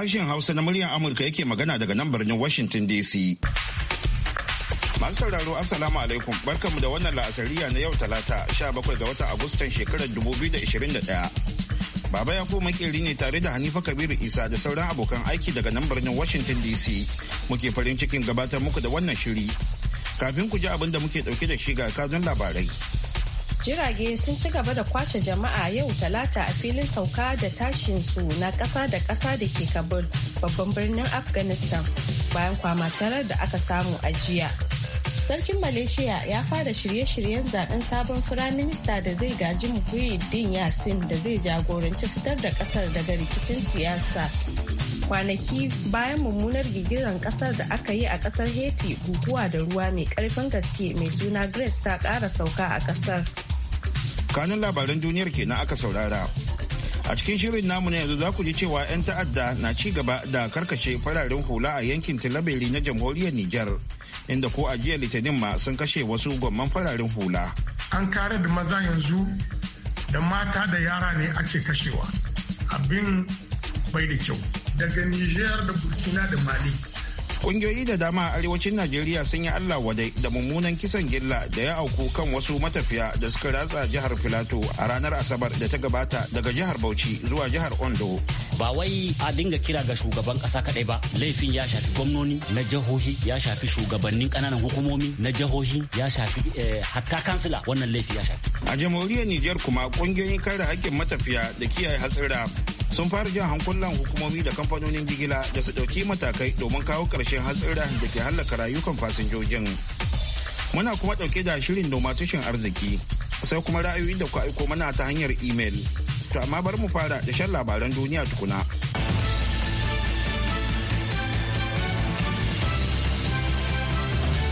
Sashen Hausa na muryar Amurka yake magana daga nan birnin Washington DC. Masu sauraro Assalamu alaikum barkamu da wannan la'asariya na yau talata 17 ga watan Agustan shekarar 2021. Baba ya koma makeri ne tare da Hanifa Kabiru Isa da sauran abokan aiki daga nan birnin Washington DC. Muke farin cikin gabatar muku da wannan shiri. Kafin ku ji abin da muke dauke da shi ga kanun labarai. jirage sun ci gaba da kwace jama'a yau talata a filin sauka da tashin su na ƙasa da ƙasa da ke kabul babban birnin afghanistan bayan kwama tarar da aka samu a jiya sarkin malaysia ya fara shirye-shiryen zaben sabon firaminista da zai gaji muhyiddin yasin da zai jagoranci fitar da kasar daga rikicin siyasa kwanaki bayan mummunar girgizar kasar da aka yi a kasar haiti guguwa da ruwa mai karfin gaske mai suna grace ta kara sauka a kasar kanin labaran duniyar kenan aka saurara a cikin shirin namu na yanzu za ku ji cewa 'yan ta'adda na ci gaba da karkashe fararen hula a yankin tilabeli na jamhuriyar niger inda ko a jiya litinin ma sun kashe wasu gwamman fararen hula an kare da maza yanzu da mata da yara ne ake kashewa abin bai da kyau daga niger da burkina da mali Kungiyoyi da dama a arewacin Najeriya sun yi Allah wadai da mummunan kisan gilla da ya auku kan wasu matafiya da suka ratsa jihar Filato a ranar Asabar da ta gabata daga jihar Bauchi zuwa jihar Ondo. Ba wai a dinga kira ga shugaban kasa kadai ba, laifin ya shafi gwamnoni na jihohi, ya shafi shugabannin kananan hukumomi na jihohi, ya shafi eh, hatta kansila wannan laifi ya shafi. A jamhuriyar Nijar kuma kungiyoyin kare hakkin matafiya da kiyaye hatsira sun fara jan hankulan hukumomi da kamfanonin jigila da su ɗauki matakai domin kawo karshen hatsira da ke hallaka rayukan fasinjojin. Muna kuma ɗauke da shirin noma tushen arziki sai kuma ra'ayoyin da ku aiko mana ta hanyar imel. To amma bari mu fara da shan labaran duniya tukuna.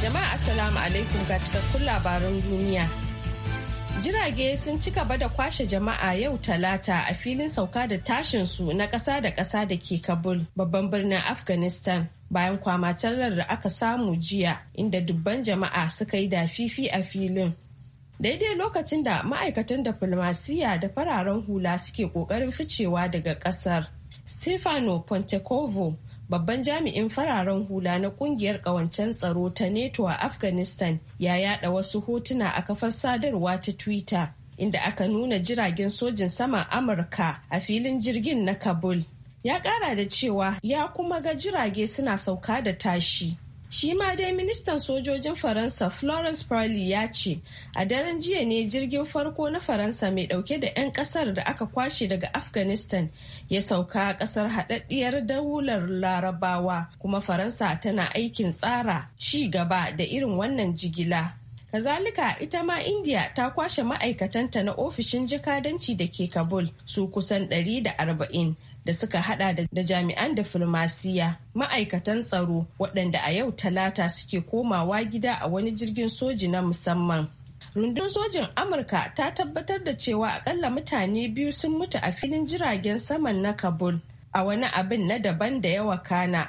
Jama'a Assalamu alaikum ga cikakkun labaran duniya. Jirage sun ci gaba da kwashe jama'a yau talata a filin sauka da tashin su na ƙasa da ƙasa da ke Kabul, babban birnin Afghanistan. Bayan kwama tallar da aka samu jiya inda dubban jama'a suka yi da fifi a filin. Daidai lokacin da ma'aikatan diflomasiyya da fararen hula suke ƙoƙarin ficewa daga ƙasar. Stefano Pontecovo babban jami'in fararen hula na kungiyar kawancen tsaro ta neto a afghanistan ya yada wasu hotuna a kafar sadarwa ta twitter inda aka nuna jiragen sojin sama amurka a filin jirgin na kabul ya kara da cewa ya kuma ga jirage suna sauka da tashi Shi ma dai ministan sojojin Faransa Florence Parly ya ce, a daren jiya ne jirgin farko na Faransa mai dauke da 'yan kasar da aka kwashe daga Afghanistan ya sauka a kasar haɗaɗɗiyar daular larabawa kuma Faransa tana aikin tsara ci gaba da irin wannan jigila. Kazalika ita ma India ta kwashe ma'aikatanta na ofishin jikadanci da ke Kabul su kusan 140. da suka hada da jami'an diflomasiyya ma'aikatan tsaro waɗanda a yau talata suke komawa gida a wani jirgin soji na musamman rundun sojin amurka ta tabbatar da cewa akalla mutane biyu sun mutu a filin jiragen saman na kabul a wani abin na daban da yawa kana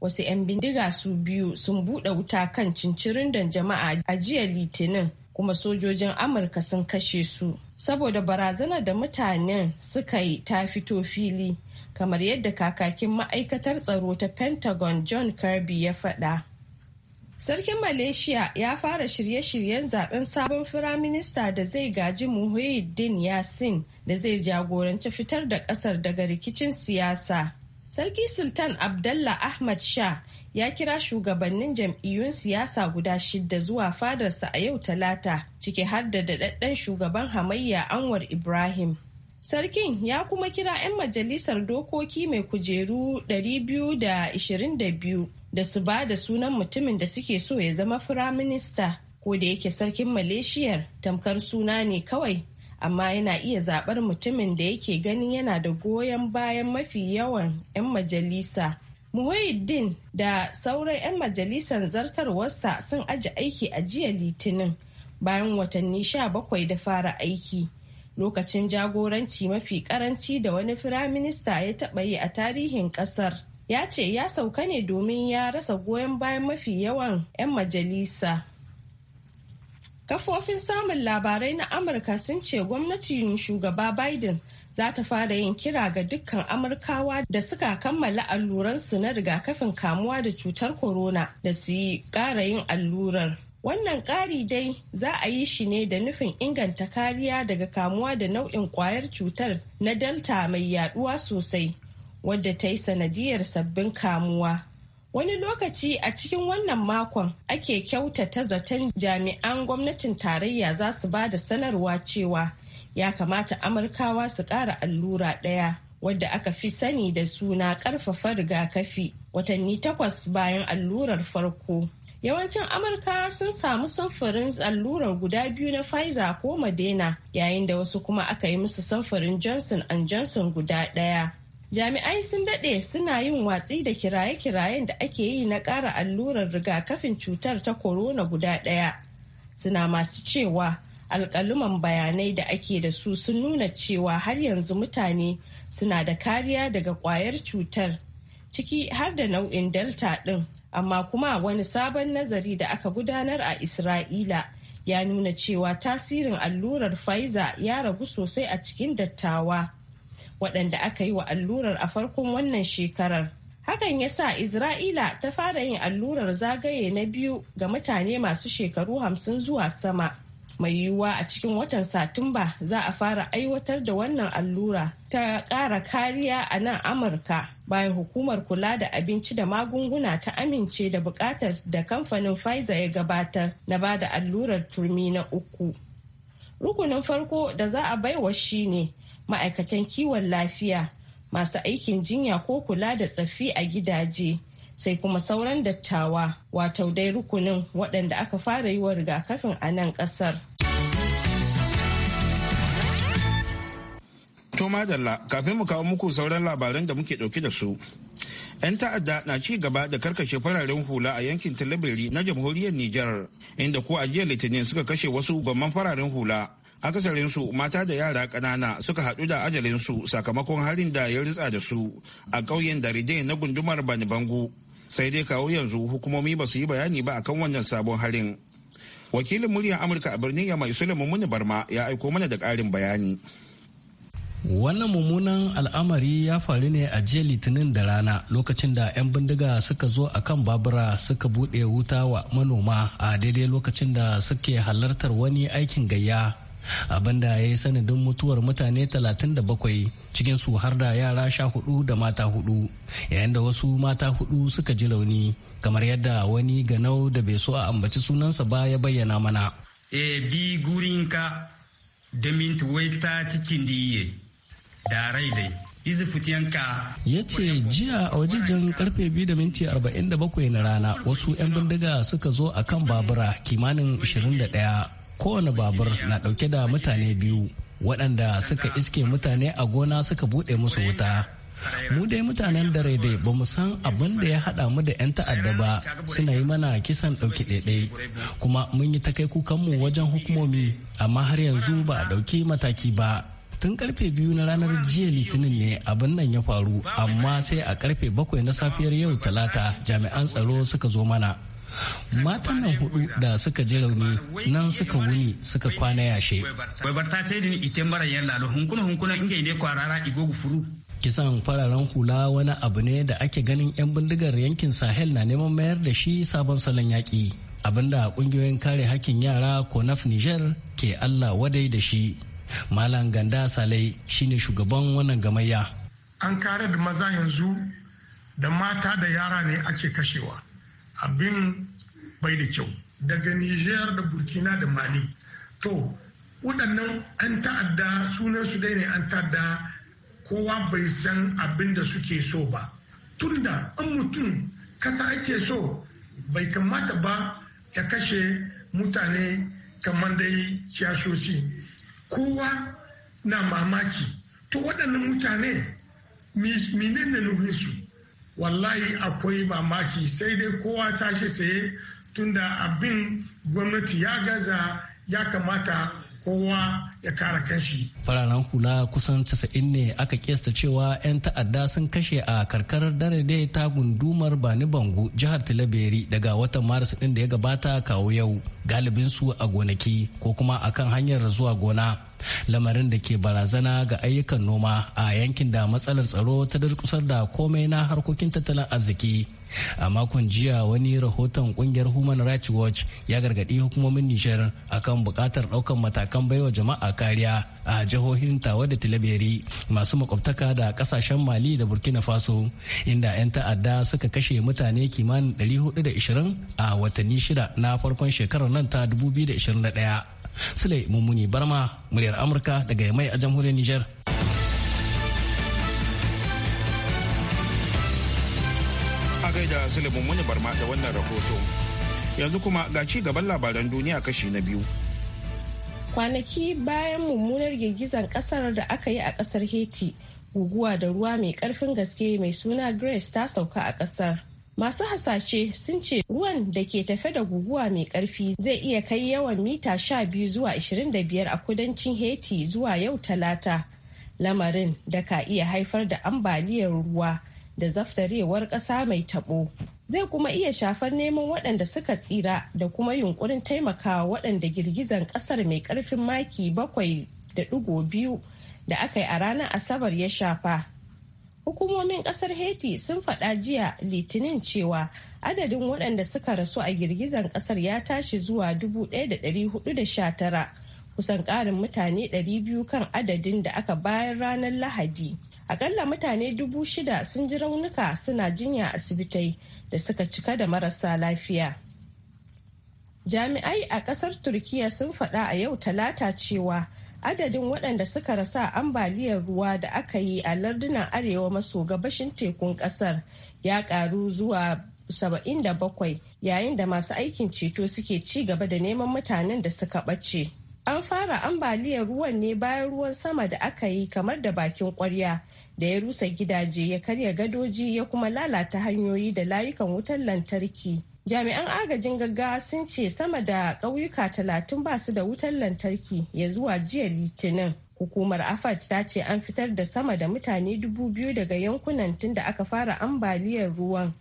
wasu 'yan bindiga su biyu sun buɗe wuta kan cincirindon jama'a a jiya litinin kuma sojojin amurka sun kashe su saboda barazana da mutanen suka yi ta fito fili kamar yadda kakakin ma'aikatar tsaro ta pentagon john kirby ya faɗa sarkin malaysia ya fara shirye-shiryen zaben sabon firaminista da zai gaji muhyiddin yasin da zai jagoranci fitar da ƙasar daga rikicin siyasa sarki sultan abdallah ahmad shah ya kira shugabannin jam'iyyun siyasa guda shidda zuwa fadarsa a yau talata ciki har da daɗaɗɗen shugaban hamayya anwar ibrahim sarkin ya kuma kira 'yan majalisar dokoki mai kujeru 222 da su ba da sunan mutumin da suke so ya zama firaminista ko da yake sarkin maleshiyar tamkar suna ne kawai amma yana iya zaɓar mutumin da yake ganin yana da goyon bayan mafi yawan 'yan majalisa Muhyiddin da sauran 'yan majalisar zartarwarsa sun aji aiki a jiya litinin bayan watanni sha bakwai da fara aiki. Lokacin jagoranci mafi karanci da wani firaminista ya taɓa yi a tarihin ƙasar. Ya ce ya sauka ne domin ya rasa goyon bayan mafi yawan 'yan majalisa. Kafofin samun labarai na Amurka sun ce gwamnatin shugaba Biden za ta fara yin kira ga dukkan amurkawa da suka kammala alluransu na rigakafin kamuwa da cutar corona da su yi ƙara yin allurar wannan ƙari dai za a yi shi ne da nufin inganta kariya daga kamuwa da nau'in ƙwayar cutar na delta mai yaɗuwa sosai wadda ta yi sanadiyar sabbin kamuwa Wani lokaci a cikin wannan makon ake kyautata zaton jami'an gwamnatin tarayya za su ba da sanarwa cewa ya kamata amurkawa su ƙara allura ɗaya wadda aka fi sani da suna ƙarfafa rigakafi watanni takwas bayan allurar farko yawancin amurka sun samu samfurin allurar guda biyu na pfizer ko Madena, yayin da wasu kuma aka yi musu samfurin johnson and johnson guda ɗaya jami'ai sun daɗe suna yin watsi da kiraye-kirayen da ake yi na ƙara allurar rigakafin cutar ta corona guda ɗaya suna masu cewa alkaluman bayanai da ake da su sun nuna cewa har yanzu mutane suna da kariya daga kwayar cutar ciki har da nau'in delta ɗin amma kuma wani sabon nazari da aka gudanar a isra'ila ya nuna cewa tasirin allurar pfizer ya ragu sosai a cikin dattawa waɗanda aka yi wa allurar a farkon wannan shekarar hakan ya sa isra'ila ta fara yin allurar zagaye na biyu ga mutane masu shekaru hamsin zuwa sama mai yiwuwa a cikin watan satumba za a fara aiwatar da wannan allura ta ƙara kariya a nan amurka bayan hukumar kula da abinci da magunguna ta amince da buƙatar da kamfanin pfizer ya gabatar na ba da allurar turmi na uku rukunin farko da za a baiwa shine ma'aikatan kiwon lafiya masu aikin jinya ko kula da tsaffi a gidaje sai kuma sauran dattawa wato dai rukunin waɗanda aka fara yi wa rigakafin a nan ƙasar. To madalla kafin mu kawo muku sauran labaran da muke ɗauke da su. 'Yan ta'adda na ci gaba da karkashe fararen hula a yankin Talabiri na jamhuriyar Nijar, inda ko a jiya Litinin suka kashe wasu gwamman fararen hula. akasarinsu mata da yara ƙanana suka haɗu da ajalinsu sakamakon harin da ya ritsa da su a ƙauyen daride na gundumar banibangu sai dai kawo yanzu hukumomi ba su yi bayani ba akan wannan sabon harin wakilin muryar amurka a birnin yamai sulaiman muni barma ya aiko mana da karin bayani wannan mummunan al'amari ya faru ne a jiya litinin da rana lokacin da 'yan bindiga suka zo a kan babura suka bude wuta wa manoma a daidai lokacin da suke halartar wani aikin gayya abinda ya yi sanadin mutuwar mutane 37 su har da yara sha hudu da mata hudu yayin da wasu mata hudu suka ji launi kamar yadda wani ganau da bai so a ambaci sunansa ba ya bayyana mana. E bi gurinka da mintwaita cikin diye da rai dai. ya ce jiya a wajejen karfe 2 da minti 47 na rana wasu 'yan bindiga suka zo a kan babura kimanin 21 kowane babur na ɗauke da mutane biyu waɗanda suka iske mutane a gona suka buɗe musu wuta mu dai mutanen da dai ba mu san abin da ya haɗa mu da 'yan ta'adda ba suna yi mana kisan ɗauki ɗaiɗai kuma mun yi takai kai kukanmu wajen hukumomi amma har yanzu ba a ɗauki mataki ba tun karfe biyu na ranar jiya litinin ne abin nan ya faru amma sai a karfe bakwai na safiyar yau talata jami'an tsaro suka zo mana matan na hudu da suka ji rauni nan suka wuni suka kwana yashe ta ita mara yan hunkuna hunkuna yi kwarara kisan fararen hula wani abu ne da ake ganin 'yan bindigar yankin sahel na neman mayar da shi sabon salon yaƙi abinda kungiyoyin kare hakkin yara konaf niger ke allah wadai da shi malam ganda salai shine shugaban wannan gamayya an kare da maza yanzu da mata da yara ne ake kashewa abin bai da kyau daga Nijiyar da burkina da mali to waɗannan an ta'adda sunan su dai ne an ta'adda kowa bai san abin da suke so ba tunda an mutum kasa ake so bai kamata ba ya kashe mutane kamar dai kiyashoshi kowa na mamaki to waɗannan mutane menene nuhinsu wallahi akwai mamaki sai dai kowa tashi saye tunda abin gwamnati ya gaza ya kamata kowa ya kara kanshi. Fararen hula kusan 90 ne aka kesta cewa 'yan ta'adda sun kashe a karkarar dare ta gundumar Bani Bangu jihar Tilaberi daga watan Maris ɗin da ya gabata kawo yau galibin su a gonaki ko kuma akan hanyar zuwa gona. Lamarin da ke barazana ga ayyukan noma a yankin da matsalar tsaro ta durkusar da komai na harkokin tattalin arziki. a makon jiya wani rahoton kungiyar human rights watch ya gargaɗi hukumomin nishar akan bukatar ɗaukar matakan baiwa jama'a kariya a jihohin tawa da tilaberi masu makwabtaka da ƙasashen mali da burkina faso inda 'yan ta'adda suka kashe mutane kimanin 420 a watanni shida na farkon shekarar nan ta 2021 sule mummuni barma muryar amurka daga mai a jamhuriyar nijar da Muni Barma da wannan rahoto. Yanzu kuma ga ci gaban labaran duniya kashi na biyu. Kwanaki bayan mummunar girgizar kasar da aka yi a kasar Haiti, guguwa da ruwa mai karfin gaske mai suna Grace ta sauka a kasar. Masu hasashe sun ce ruwan da ke tafe da guguwa mai karfi zai iya kai yawan mita sha biyu zuwa 25 a kudancin Haiti zuwa yau talata. Lamarin da ka iya haifar da ambaliyar ruwa da zaftarewar ƙasa mai taɓo zai kuma iya shafar neman waɗanda suka tsira da kuma yunkurin taimakawa waɗanda girgizan ƙasar mai ƙarfin maki bakwai da ɗigo biyu da aka yi a ranar asabar ya shafa hukumomin ƙasar haiti sun faɗa jiya litinin cewa adadin waɗanda suka rasu a girgizan ƙasar ya tashi zuwa 1,419 kusan ƙarin mutane 200 kan adadin da aka bayan ranar lahadi akalla mutane dubu shida sun ji raunuka suna jinya asibitai da suka cika da marasa lafiya jami'ai a kasar turkiya sun faɗa a yau talata cewa adadin waɗanda suka rasa ambaliyar ruwa da aka yi a lardunan arewa maso gabashin tekun ƙasar ya ƙaru zuwa 77 yayin da masu aikin ceto suke ci gaba da neman mutanen da suka ɓace an fara ambaliyar ruwan ne bayan ruwan sama da aka yi kamar da bakin ƙwarya. da ya rusa gidaje ya karya gadoji ya kuma lalata hanyoyi da layukan wutar lantarki jami'an agajin gaggawa sun ce sama da ƙauyuka talatin ba su da wutar lantarki ya zuwa jiya litinin hukumar afat ta ce an fitar da sama da mutane dubu biyu daga yankunan tun da aka fara ambaliyar ruwan.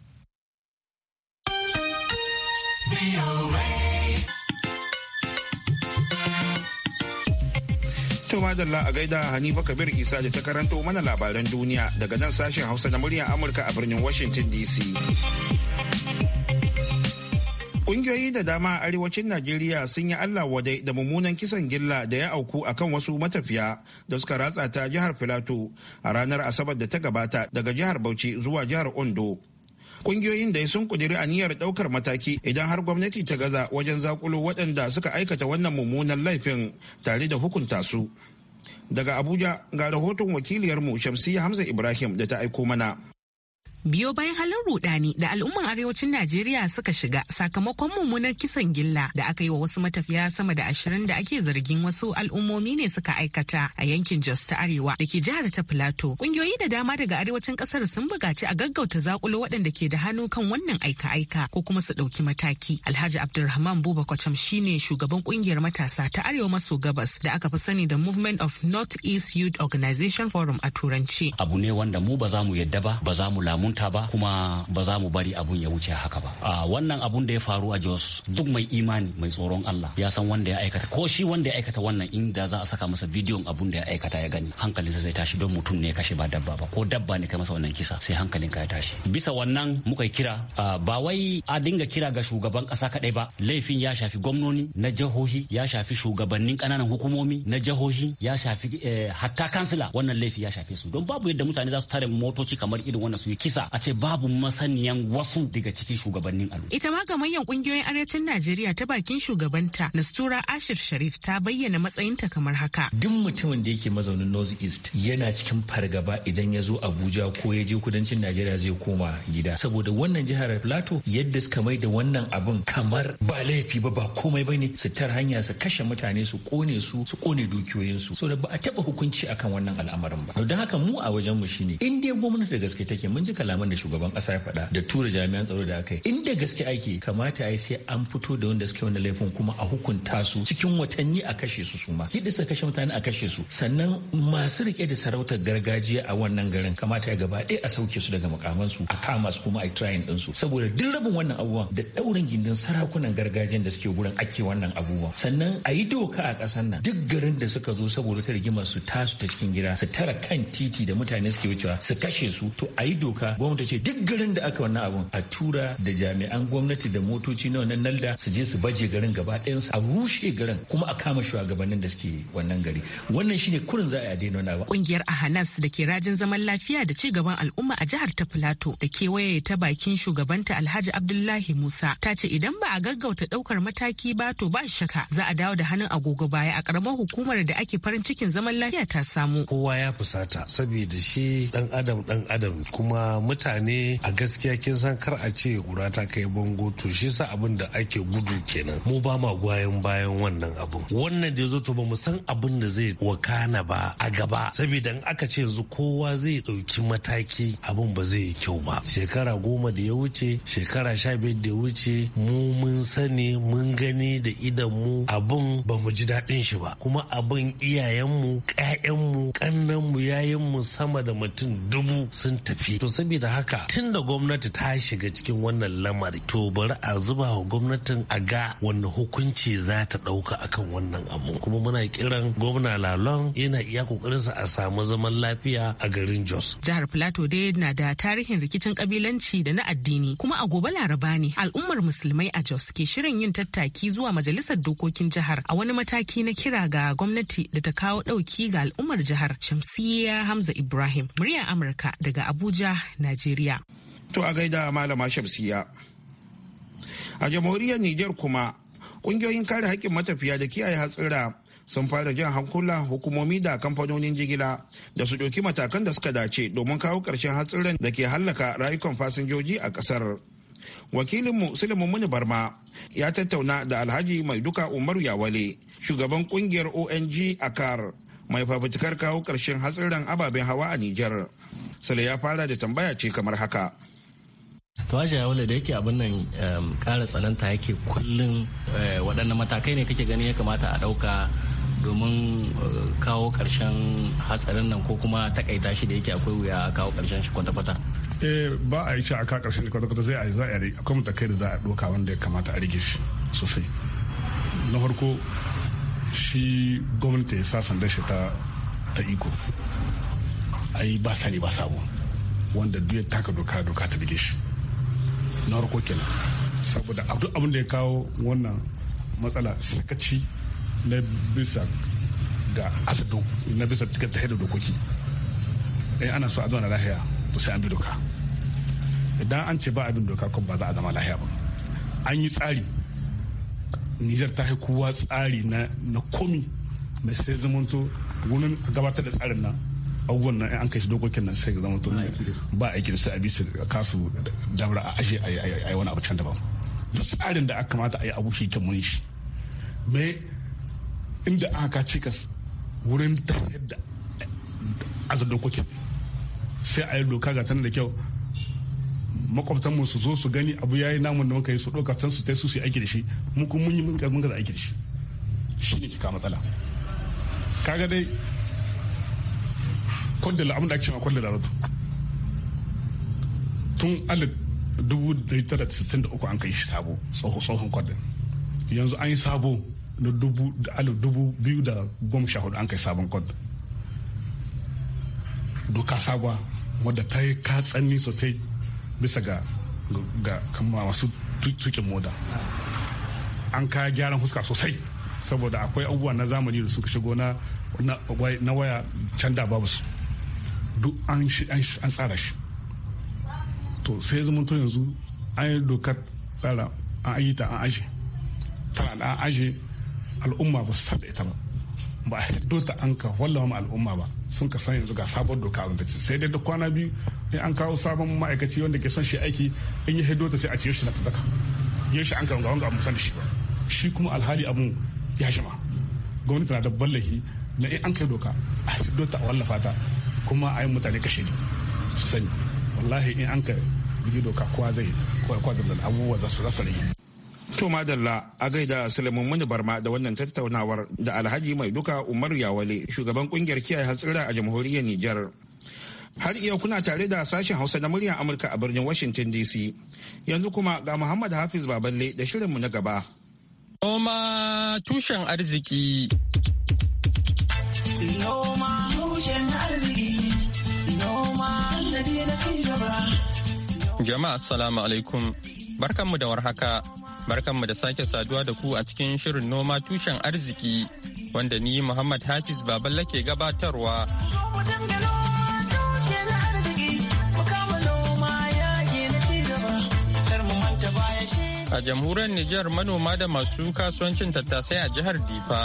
To madalla a gaida Hanifa Kabir Isa da ta karanto mana labaran duniya daga nan sashen Hausa na muryar Amurka a birnin Washington DC. Ƙungiyoyi da dama a arewacin Najeriya sun yi Allah wadai da mummunan kisan gilla da ya auku a kan wasu matafiya da suka ratsa ta jihar Filato a ranar Asabar da ta gabata daga jihar Bauchi zuwa jihar Ondo. kungiyoyin da ya sun kudiri aniyar daukar mataki idan har gwamnati ta gaza wajen zakulo waɗanda suka aikata wannan mummunan laifin tare da hukunta su daga abuja ga rahoton wakiliyarmu shamsiyya hamza ibrahim da ta aiko mana biyo bayan halin rudani da al'umman arewacin Najeriya suka shiga sakamakon mummunar kisan gilla da aka yi wa wasu matafiya sama da ashirin da ake zargin wasu al'ummomi ne suka aikata a yankin Jos ta Arewa da ke jihar ta Plateau. Kungiyoyi da dama daga arewacin kasar sun bugaci a gaggauta zakulo waɗanda ke da hannu kan wannan aika-aika ko kuma su ɗauki mataki. Alhaji Abdulrahman Buba Kwacham shine shugaban kungiyar matasa ta Arewa maso gabas da aka fi sani da Movement of North East Youth Organization Forum a Turanci. Abu ne wanda mu ba za mu yadda ba, ba za mu lamunta manta ba kuma ba za mu bari abun ya wuce haka ba a ah, wannan abun da ya faru a Jos duk mai imani mai tsoron Allah ya san wanda ya aikata ko shi wanda ya aikata wannan inda za a saka masa bidiyon abun da ya aikata ya gani hankalinsa zai tashi don mutum ne kashe ba dabba ba ko dabba ne kai masa wannan kisa sai hankalinka ya tashi bisa wannan muka kira ah, ba wai a dinga kira ga shugaban kasa kadai ba laifin ya shafi gwamnoni na jihohi ya shafi shugabannin kananan hukumomi na jihohi ya shafi eh, hatta kansila wannan laifi ya shafe su don babu yadda mutane za su tare motoci kamar irin wannan su yi kisa a ce babu masaniyan wasu daga cikin shugabannin al'umma. Ita ma manyan kungiyoyin arewacin Najeriya ta bakin shugabanta Nastura Ashir Sharif ta bayyana matsayinta kamar haka. Duk mutumin da yake mazaunin North East yana cikin fargaba idan ya zo Abuja ko ya je kudancin Najeriya zai koma gida. Saboda wannan jihar Plateau yadda suka mai da wannan abun kamar ba laifi ba ba komai ba ne su tar hanya su kashe mutane su kone su su kone dukiyoyinsu. So da ba a taɓa hukunci akan wannan al'amarin ba. Don haka mu a wajen mu shine in dai gwamnati da gaske take mun ji kalaman da shugaban kasa ya faɗa da tura jami'an tsaro da aka yi inda gaske ake kamata a yi sai an fito da wanda suke wani laifin kuma a hukunta su cikin watanni a kashe su suma kidisa kashe mutane a kashe su sannan masu rike da sarautar gargajiya a wannan garin kamata ya gaba ɗaya a sauke su daga makaman su a kama su kuma a trying din su saboda duk rabin wannan abubuwan da ɗaurin gindin sarakunan gargajiyan da suke gurin ake wannan abubuwan sannan a yi doka a ƙasar nan duk garin da suka zo saboda ta rigima su tasu ta cikin gida su tara kan titi da mutane suke wucewa su kashe su to a yi doka gwamnati ce duk garin da aka wannan abun a tura da jami'an gwamnati da motoci na wannan nalda su je su baje garin gaba ɗayansu a rushe garin kuma a kama shugabannin da suke wannan gari wannan shine kurin za a daina wani abu kungiyar ahanas da ke rajin zaman lafiya da ci gaban al'umma a jihar ta filato da kewaye ta bakin shugabanta alhaji abdullahi musa ta ce idan ba a gaggauta ɗaukar mataki ba to ba shaka za a dawo da hannun agogo baya a karamar hukumar da ake farin cikin zaman lafiya ta samu kowa ya fusata saboda shi dan adam dan adam kuma mutane a gaskiya kin san kar a ce ƙura ta kai bango to shi sa abin da ake gudu kenan mu ba ma goyon bayan wannan abin. wannan da zo to ba mu san abin da zai wakana ba a gaba saboda in aka ce yanzu kowa zai ɗauki mataki abin ba zai yi kyau ba shekara goma da ya wuce shekara sha biyar da ya wuce mu mun sani mun gani da idan mu abin ba mu ji daɗin shi ba kuma abin iyayenmu ƙayanmu ƙannanmu yayinmu sama da mutum dubu sun tafi to saboda da haka tun da gwamnati ta shiga cikin wannan lamari to bari a zuba wa gwamnatin a ga wanne hukunci za ta ɗauka akan wannan abu kuma muna kiran gwamna lalon yana iya kokarinsa a samu zaman lafiya a garin jos jihar plateau dai na da tarihin rikicin kabilanci da na addini kuma a gobe laraba ne al'ummar musulmai a jos ke shirin yin tattaki zuwa majalisar dokokin jihar a wani mataki na kira ga gwamnati da ta kawo ɗauki ga al'ummar jihar shamsiyya hamza ibrahim muryar amurka daga abuja na Najeriya. To a gaida malama Shamsiya. A jamhuriyar Nijar kuma kungiyoyin kare haƙƙin matafiya da kiyaye hatsira sun fara jan hankula hukumomi da kamfanonin jigila da su ɗauki matakan da suka dace domin kawo ƙarshen hatsiran da ke hallaka rayukan fasinjoji a ƙasar. wakilinmu suleiman muni barma ya tattauna da alhaji mai duka umaru yawale shugaban kungiyar ong akar mai fafutukar kawo ƙarshen hatsiran ababen hawa a nijar Sule ya fara da tambaya ce kamar haka. To ya wanda da yake abin nan kara tsananta yake kullum eh, waɗanne matakai ne kake gani ya kamata a ɗauka domin eh, kawo ƙarshen hatsarin nan ko kuma takaita shi da yake akwai wuya kawo ƙarshen shi kwata-kwata. Eh ba a yi shi a kawo ƙarshen shi kwata-kwata zai a yi za a yi akwai matakai da za a ɗauka wanda ya kamata a rige shi sosai. Na farko shi gwamnati ya sa sanda shi ta iko ai ba sani ba samu wanda duk ya taka doka doka ta bige shi na harko kenan saboda abu abin da ya kawo wannan matsala sakaci na bisa ga asado na bisa cikin ta da dokoki in eh, ana so a zauna lahiya to sai an bi doka idan an ce ba abin doka ko ba za a zama lahiya ba an yi tsari nijar ta kowa tsari na komi mai sai zamanto wurin gabatar da tsarin nan abubuwan nan an kai shi dokokin nan sai zama to ba aiki da sai a bisa kasu dabara a ashe a yi wani abu can daban duk tsarin da aka kamata a yi abu shi kan mun shi me inda aka cikas wurin tafiyar da aza dokokin sai a yi doka ga tana da kyau mu su zo su gani abu yayi namun da muka yi su ɗauka can su tai su su aiki da shi mun kuma mun yi mun ga aiki da shi shine kama matsala kaga dai kwadda abin da ake cewa kwadda larabtu tun alif dubu da ita da sittin da uku an kai shi sabo tsohon tsohon kwadda yanzu an yi sabo na dubu da alif dubu biyu da goma sha hudu an kai sabon kwadda doka sabuwa wadda ta yi katsanni sosai bisa ga kama masu tukin moda an kaya gyaran huska sosai saboda akwai abubuwa na zamani da suka shigo na waya canda babu su duk an tsara shi to sai zama to yanzu an yi dokar tsara an yi ta an aje tana da an aje al'umma ba su da ita ba ba a dota an ka wallawa ma al'umma ba sun ka san yanzu ga sabon doka wanda ce sai dai da kwana biyu in an kawo sabon ma'aikaci wanda ke son shi aiki in yi hedota sai a ciye shi na ta zaka yin shi an ka wanga wanga musan da shi ba shi kuma alhali abu ya ma gwamnati na da ballahi na in an kai doka a hedota a wallafa ta kuma a yi mutane kashe ne su sani wallahi in an ka bi doka kowa zai kowa zai abubuwa za su rasa To madalla a gaida Sulaiman Muni Barma da wannan tattaunawar da Alhaji Mai Duka Umar Yawale shugaban kungiyar kiyaye hatsira a jamhuriyar Nijar. Har iya kuna tare da sashen Hausa na muryar Amurka a birnin Washington DC. Yanzu kuma ga Muhammad Hafiz Baballe da shirinmu na gaba. Noma tushen arziki. Noma tushen arziki. Jama'a Assalamu alaikum. Barkanmu da warhaka. Barkanmu da sake saduwa da ku a cikin shirin noma tushen arziki wanda ni Muhammad Hafiz Baballa ke gabatarwa. A jamhuriyar Nijar manoma da masu kasuwancin tattasai a jihar Difa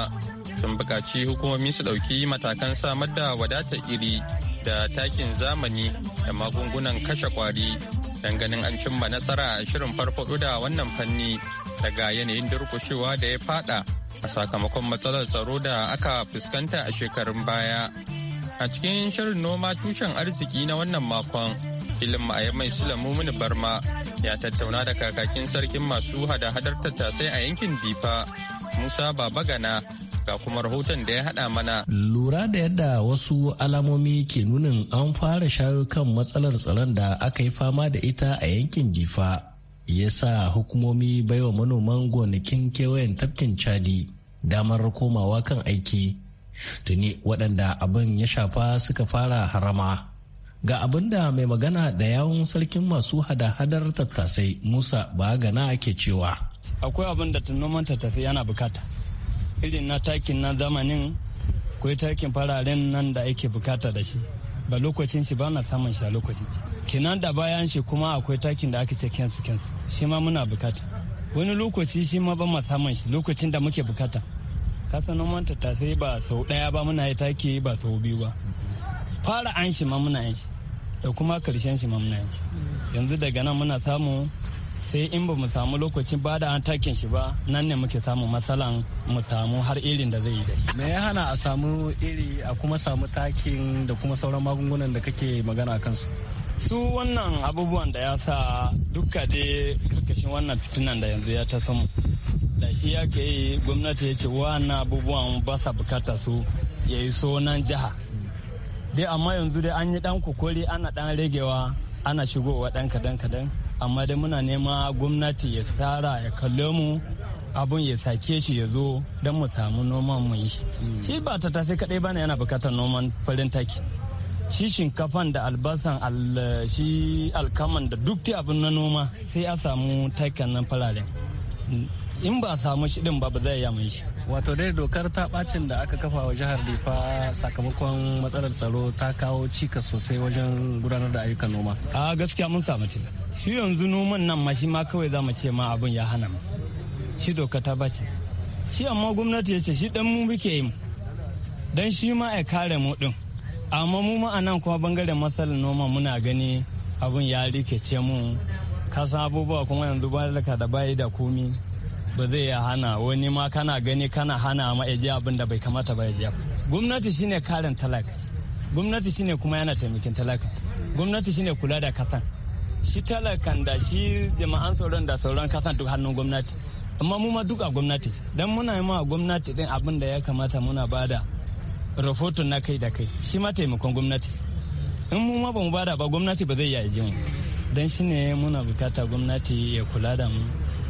sun buƙaci hukumomi su ɗauki matakan samar da wadatar iri da takin zamani da magungunan kashe kwari don ganin an cimma nasara a shirin farfaɗo da wannan fanni daga yanayin durkushewa da ya fada a sakamakon matsalar tsaro da aka fuskanta a shekarun baya. A cikin shirin noma tushen arziki na wannan makon, filin ma'ayyamai Sulamu Mini Barma ya tattauna da kakakin sarkin masu hada-hadar tattasai a yankin Difa, Musa Babagana ga kuma rahoton da ya haɗa mana. Lura da yadda wasu alamomi ke nunin an fara shayo kan matsalar tsaron da aka yi fama da ita a yankin Jifa. ya sa hukumomi baiwa manoman gonakin kewayen tafkin Chadi damar komawa kan aiki. Tuni waɗanda abin ya shafa suka fara harama. Ga abin da mai magana da yawon sarkin masu hada-hadar tattasai Musa ba gana ake cewa. Akwai abin da noman tattafi yana bukata. irin na takin na zamanin ko takin fararen nan da ake bukata da shi ba lokacin shi ba na samun shi a lokacin kenan da bayan shi kuma akwai takin da aka ce kensu kensu shi ma muna bukata wani lokaci shi ma ba saman samun shi lokacin da muke bukata kasan noman tattasai ba sau daya ba muna yi taki ba sau biyu ba fara an shi ma muna yin shi da kuma karshen shi ma muna yin shi yanzu daga nan muna samu sai in ba mu samu lokacin ba da an takin shi ba nan ne muke samu matsalan mu samu har irin da zai yi da shi me ya hana a samu iri a kuma samu takin da kuma sauran magungunan da kake magana kan su su wannan abubuwan da ya sa duka dai karkashin wannan fitinan da yanzu ya ta samu da shi ya ke yi gwamnati ya ce wannan abubuwan ba sa bukata su ya yi so nan jiha dai amma yanzu dai an yi dan kokori ana dan ragewa ana shigowa dan kadan kadan amma dai muna nema gwamnati ya tsara ya kalle mu abun ya sake shi ya zo don mu samu noman mu yi shi hmm. ba ta tafi kadai bane yana bukatar noman farin taki shi shinkafan da albasan shi alkaman da duk abin na noma sai a samu takin nan fararen in ba samu shi din ba ba zai yamun shi wato dai dokar ta bacin da aka kafa wa jihar difa sakamakon matsalar tsaro ta kawo cikas sosai wajen gudanar da ayyukan noma a gaskiya mun samu cikas shi yanzu noman nan ma shi ma kawai za mu ce ma abin ya hana mu shi doka ta bace shi amma gwamnati ya ce shi dan mu muke yi dan shi ma ya kare mu din amma mu ma anan kuma bangaren matsalar noma muna gani abin ya rikice mu kasa abubuwa kuma yanzu ba da bayi da komi ba zai ya hana wani ma kana gani kana hana ma ya abin da bai kamata ba ya je gwamnati shine karin talaka gwamnati shine kuma yana taimakin talaka gwamnati shine kula da kasan shi talakan da shi jama'an tsaron da sauran kasan duk hannun gwamnati amma mu ma duk a gwamnati don muna yi ma gwamnati din abin da ya kamata muna bada rahoton na kai da kai shi ma taimakon gwamnati in mu ma ba mu bada ba gwamnati ba zai yi don shi ne muna bukata gwamnati ya kula da mu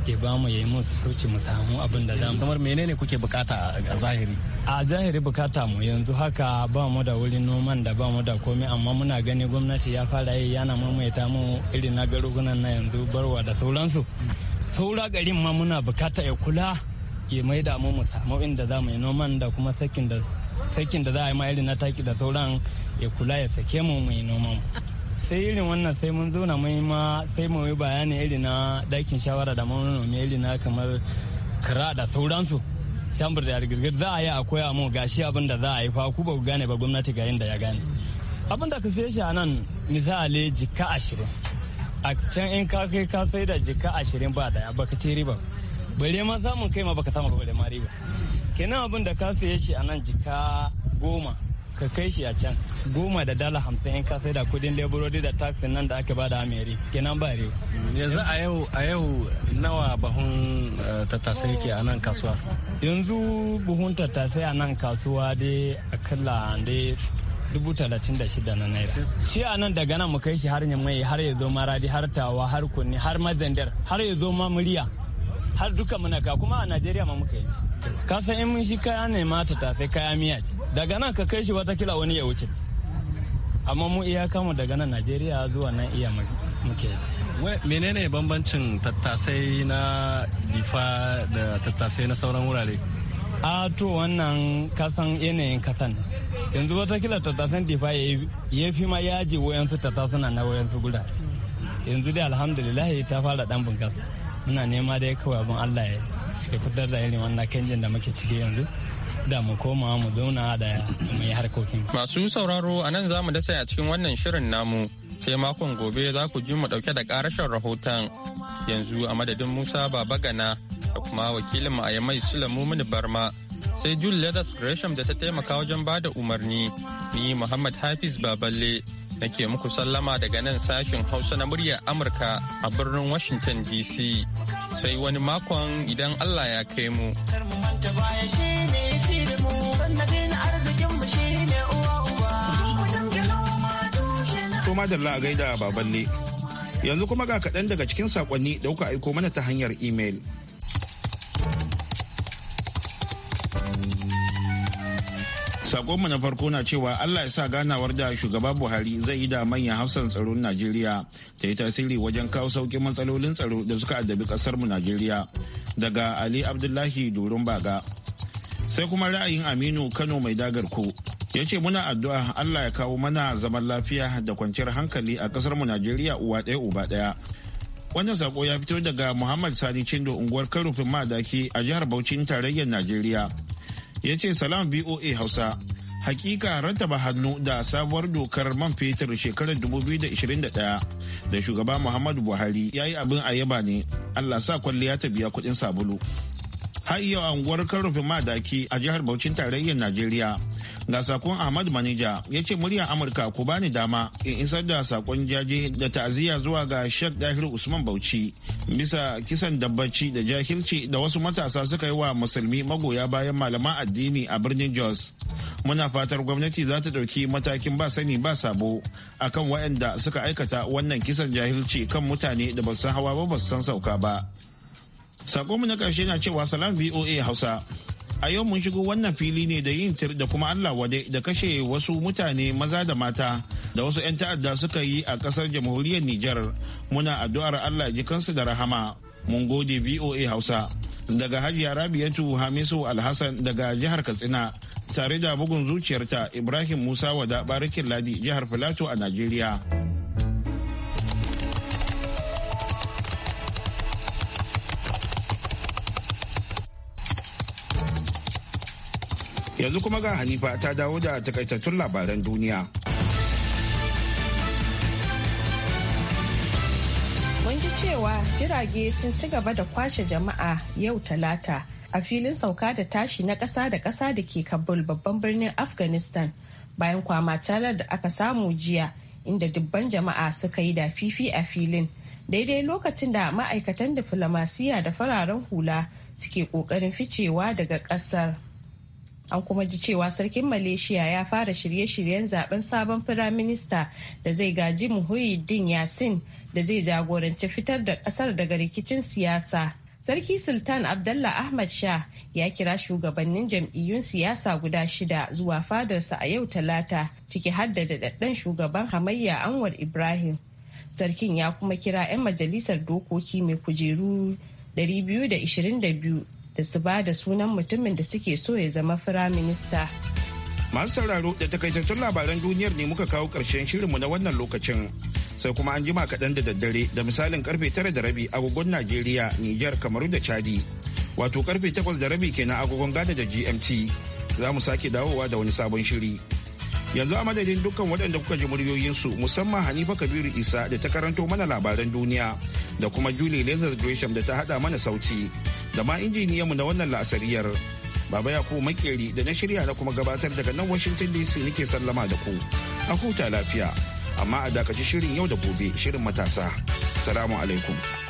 ke ba mu yayi mun sauci mu samu abin da zamu kamar menene kuke bukata a zahiri a zahiri bukata mu yanzu haka ba mu da wurin noman da ba mu da komai amma muna gani gwamnati ya fara yi yana mamaita mu irin na garugunan na yanzu barwa da sauransu saura garin ma muna bukata ya kula ya mai da mu mu samu inda za mu yi noman da kuma sakin da sakin da za a yi ma irin na taki da sauran ya kula ya sake mu mu yi noman sai irin wannan sai mun zauna mai ma sai mu yi bayani irin na dakin shawara da manoma irin na kamar kara da sauransu chamber da girgir za a yi a koya mu gashi abin da za a yi fa ku ba ku gane ba gwamnati ga da ya gane abin da ka sai shi a nan misali jika ashirin a can in ka kai ka sai da jika ashirin ba daya baka ce riba bare ma samun kai ma baka samu bare ma riba kenan abin da ka sai shi a nan jika goma ka kai shi a can goma da dala hamsin in ka sai da kudin leburodi da taxi nan da aka bada ameri kenan ba rewa yanzu a yau a yau nawa bahun eh, tattasai yake a nan kasuwa yanzu buhun tattasai a nan kasuwa dai akalla dai dubu talatin da shida na naira shi a nan daga nan mu kai shi har nyamai har ya zo maradi har tawa har kunni har mazandar har ya zo ma murya har duka muna ka kuma a najeriya ma muka yi shi ka san in mun shi kaya ne ma ta tafe kaya miya ce daga nan ka kai shi wata kila wani ya wuce amma mu iyaka mu daga nan najeriya zuwa nan iya muke menene bambancin tattasai na difa da tattasai na sauran wurare a to wannan kasan yanayin kasan yanzu watakila tattasan difa ya fi ma yaji wayansu tattasuna na wayansu guda yanzu dai alhamdulillah ta fara dan bunkasa muna nema dai kawai abin allah ya fitar da irin wannan kenjin da muke ciki yanzu da mu koma mu zauna da mai harkokin. Masu sauraro a nan za mu dasa a cikin wannan shirin namu sai makon gobe za ku ji mu dauke da karashin rahoton yanzu a madadin Musa baba gana da kuma wakilin mu a Yamai Sulamu Barma sai Jul Leathers Gresham da ta taimaka wajen bada umarni ni Muhammad Hafiz Baballe nake muku sallama daga nan sashin Hausa na muryar Amurka a birnin Washington DC. Sai wani makon idan Allah ya kai mu. Toma da gaida baballe. Yanzu kuma ga kaɗan daga cikin saƙonni da kuka aiko mana ta hanyar imel. Sakonmu na farko na cewa Allah ya sa ganawar da shugaba Buhari zai yi da manyan hafsan tsaron Najeriya ta yi tasiri wajen kawo sauƙin matsalolin tsaro da suka addabi ƙasar mu Najeriya daga Ali Abdullahi Durun Baga. Sai kuma ra'ayin Aminu Kano mai dagar ko ya ce muna addu'a Allah ya kawo mana zaman lafiya da kwanciyar hankali a ƙasar mu Najeriya uwa ɗaya uba ɗaya. wannan sako ya fito daga muhammad sani cindo unguwar karufin madaki a jihar bauchin tarayyar najeriya ya ce salam voa hausa hakika rattaba hannu da sabuwar dokar man fetur shekarar 2021 da shugaba muhammadu buhari ya yi abin ayaba ne allah sa kwalliya ta biya kuɗin sabulu har iya unguwar karrufin madaki a jihar Bauchin tarayyar Najeriya. Ga sakon Ahmad Manija ya ce murya Amurka ku bani dama in isar da sakon jaje da ta'aziyya zuwa ga Sheikh Dahir Usman Bauchi bisa kisan dabbaci da jahilci da wasu matasa suka yi wa musulmi magoya bayan malaman addini a birnin Jos. Muna fatar gwamnati za ta ɗauki matakin ba sani ba sabo akan waɗanda suka aikata wannan kisan jahilci kan mutane da ba san hawa ba ba san sauka ba. Sakonmu na ƙarshe na cewa salam VOA Hausa. A yau mun shigo wannan fili ne da yin tir da kuma Allah wade da kashe wasu mutane maza da mata da wasu 'yan ta'adda suka yi a ƙasar jamhuriyar Nijar. Muna addu'ar Allah ji kansu da rahama. Mun gode VOA Hausa. Daga Hajiya Rabiatu Hamisu Alhassan daga jihar Katsina tare da bugun zuciyarta Ibrahim Musa Wada Barikin Ladi jihar Filato a Najeriya. yanzu kuma ga hanifa ta dawo da takaitattun labaran duniya mun ji cewa jirage sun ci gaba da kwashe jama'a yau talata a filin sauka da tashi na ƙasa da ƙasa da ke kabul babban birnin afghanistan bayan kwama talar da aka samu jiya inda dubban jama'a suka yi da fifi a filin daidai lokacin da ma'aikatan diflomasiyya da fararen hula suke ƙoƙarin ficewa daga ƙasar. an kuma ji cewa sarkin malaysia ya fara shirye-shiryen zaben sabon firaminista da zai gaji muhyiddin yasin da zai jagoranci fitar da kasar daga rikicin siyasa sarki sultan abdullah ahmad shah ya kira shugabannin jam'iyyun siyasa guda shida zuwa fadarsa a yau talata ciki haddada daɗaɗɗen shugaban hamayya anwar ibrahim sarkin ya kuma kira 'yan majalisar dokoki mai kujeru 222 da su ba da sunan mutumin da suke so ya zama firaminista. Masu sauraro da takaitattun labaran duniyar ne muka kawo ƙarshen shirinmu na wannan lokacin. Sai kuma an jima kaɗan da daddare da misalin karfe tara da rabi agogon Najeriya, Nijar, Kamaru da Chadi. Wato karfe takwas da rabi kenan agogon Gada da GMT. Za mu sake dawowa da wani sabon shiri. yanzu a madadin dukkan waɗanda kuka ji muryoyinsu musamman hanifa kabiru isa da ta karanto mana labaran duniya da kuma julie lazar gresham da ta haɗa mana sauti da ma injiniyanmu na wannan la'asariyar baba yakubu makeri da na shirya na kuma gabatar daga nan washington dc nake sallama da ku a huta lafiya amma a dakaci shirin yau da gobe shirin matasa salamu alaikum